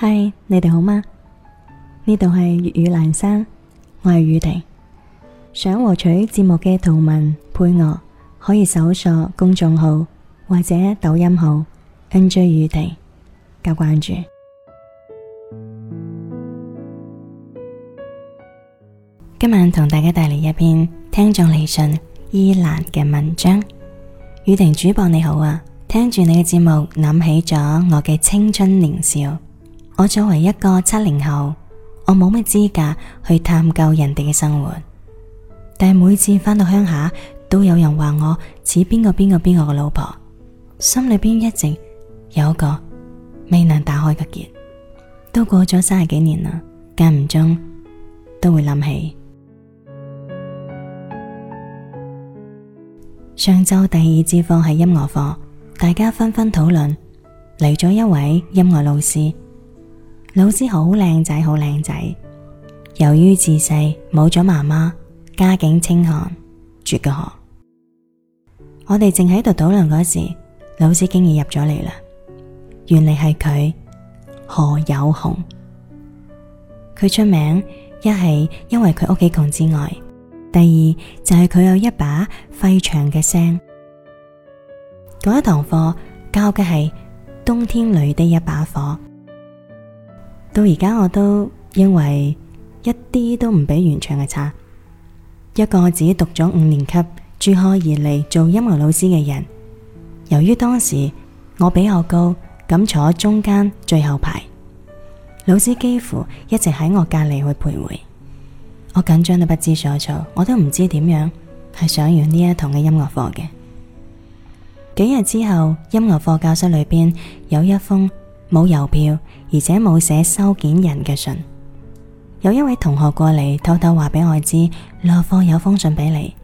嗨，Hi, 你哋好嗎？呢度係粵語闌山，我係宇婷。想獲取節目嘅圖文配樂，可以搜索公眾號或者抖音號 NJ 宇婷加關注。今晚同大家帶嚟一篇聽眾嚟信依蘭嘅文章。宇婷主播你好啊，聽住你嘅節目，諗起咗我嘅青春年少。我作為一個七零後，我冇乜資格去探究人哋嘅生活，但係每次翻到鄉下都有人話我似邊個邊個邊個嘅老婆，心裏邊一直有一個未能打開嘅結。都過咗三十幾年啦，間唔中都會諗起上周第二節課係音樂課，大家紛紛討論嚟咗一位音樂老師。老師好靚仔，好靚仔。由於自細冇咗媽媽，家境清寒，絕嘅學。我哋正喺度討論嗰時，老師已經入咗嚟啦。原嚟係佢何友紅，佢出名一係因為佢屋企窮之外，第二就係佢有一把費翔嘅聲。嗰一堂課教嘅係冬天裡的一把火。到而家我都認為一啲都唔比原唱嘅差。一個我自己讀咗五年級，墜學而嚟做音樂老師嘅人，由於當時我比較高，咁坐中間最後排，老師幾乎一直喺我隔籬去徘徊。我緊張到不知所措，我都唔知點樣係上完呢一堂嘅音樂課嘅。幾日之後，音樂課教室裏邊有一封。冇郵票，而且冇寫收件人嘅信。有一位同學過嚟偷偷話俾我知，落課有封信俾你。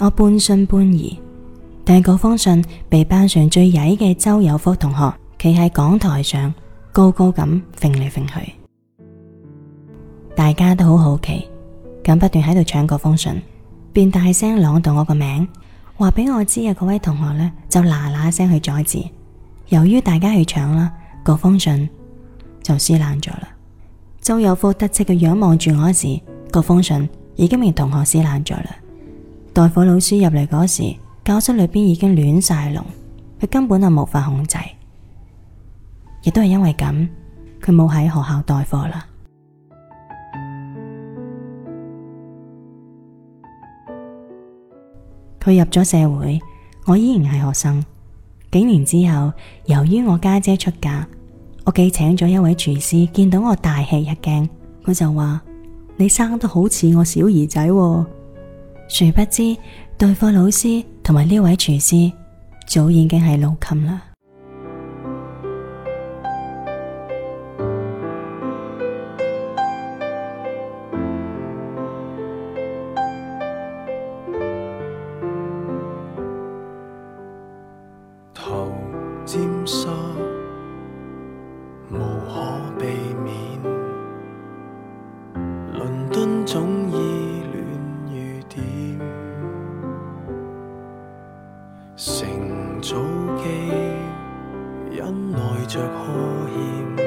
我半信半疑，但係嗰封信被班上最曳嘅周有福同學企喺講台上高高咁揈嚟揈去，大家都好好奇，咁不斷喺度搶嗰封信，便大聲朗讀我個名，話俾我知嘅嗰位同學呢，就嗱嗱聲去阻止。由於大家去搶啦。個封信就撕爛咗啦。周有福得戚嘅樣望住我時，個封信已經被同學撕爛咗啦。代課老師入嚟嗰時，教室裏邊已經亂晒龍，佢根本就無法控制。亦都係因為咁，佢冇喺學校代課啦。佢入咗社會，我依然係學生。幾年之後，由於我家姐，姐出嫁，屋企請咗一位廚師，見到我大吃一驚，佢就話你生得好似我小姨仔啊。誰不知代課老師同埋呢位廚師早已經係老襟啦。總依戀雨點，乘早機忍耐着呵欠，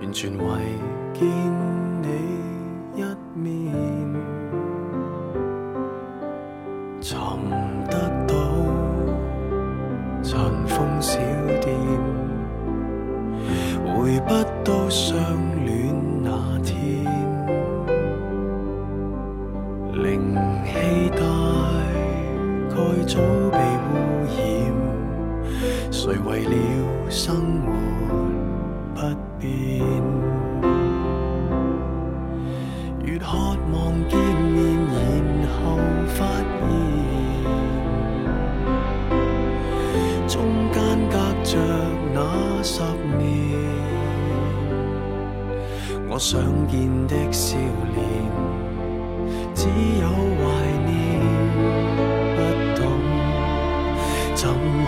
完全為見你一面。尋得到塵封小店，回不到相戀那天。早被污染，誰為了生活不變？越渴望見面，然後發現，中間隔着那十年，我想見的笑臉，只有幻。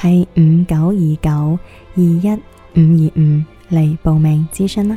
係五九二九二一五二五嚟報名諮詢啦。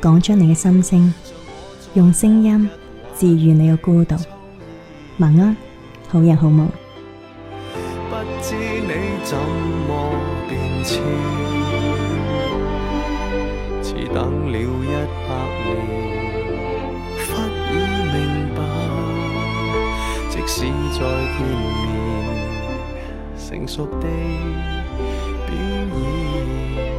講出你嘅心聲，用聲音治愈你嘅孤獨。晚安，好人好夢。不知你怎麼變遷，似等了一百年，忽已明白，即使再見面，成熟地表演。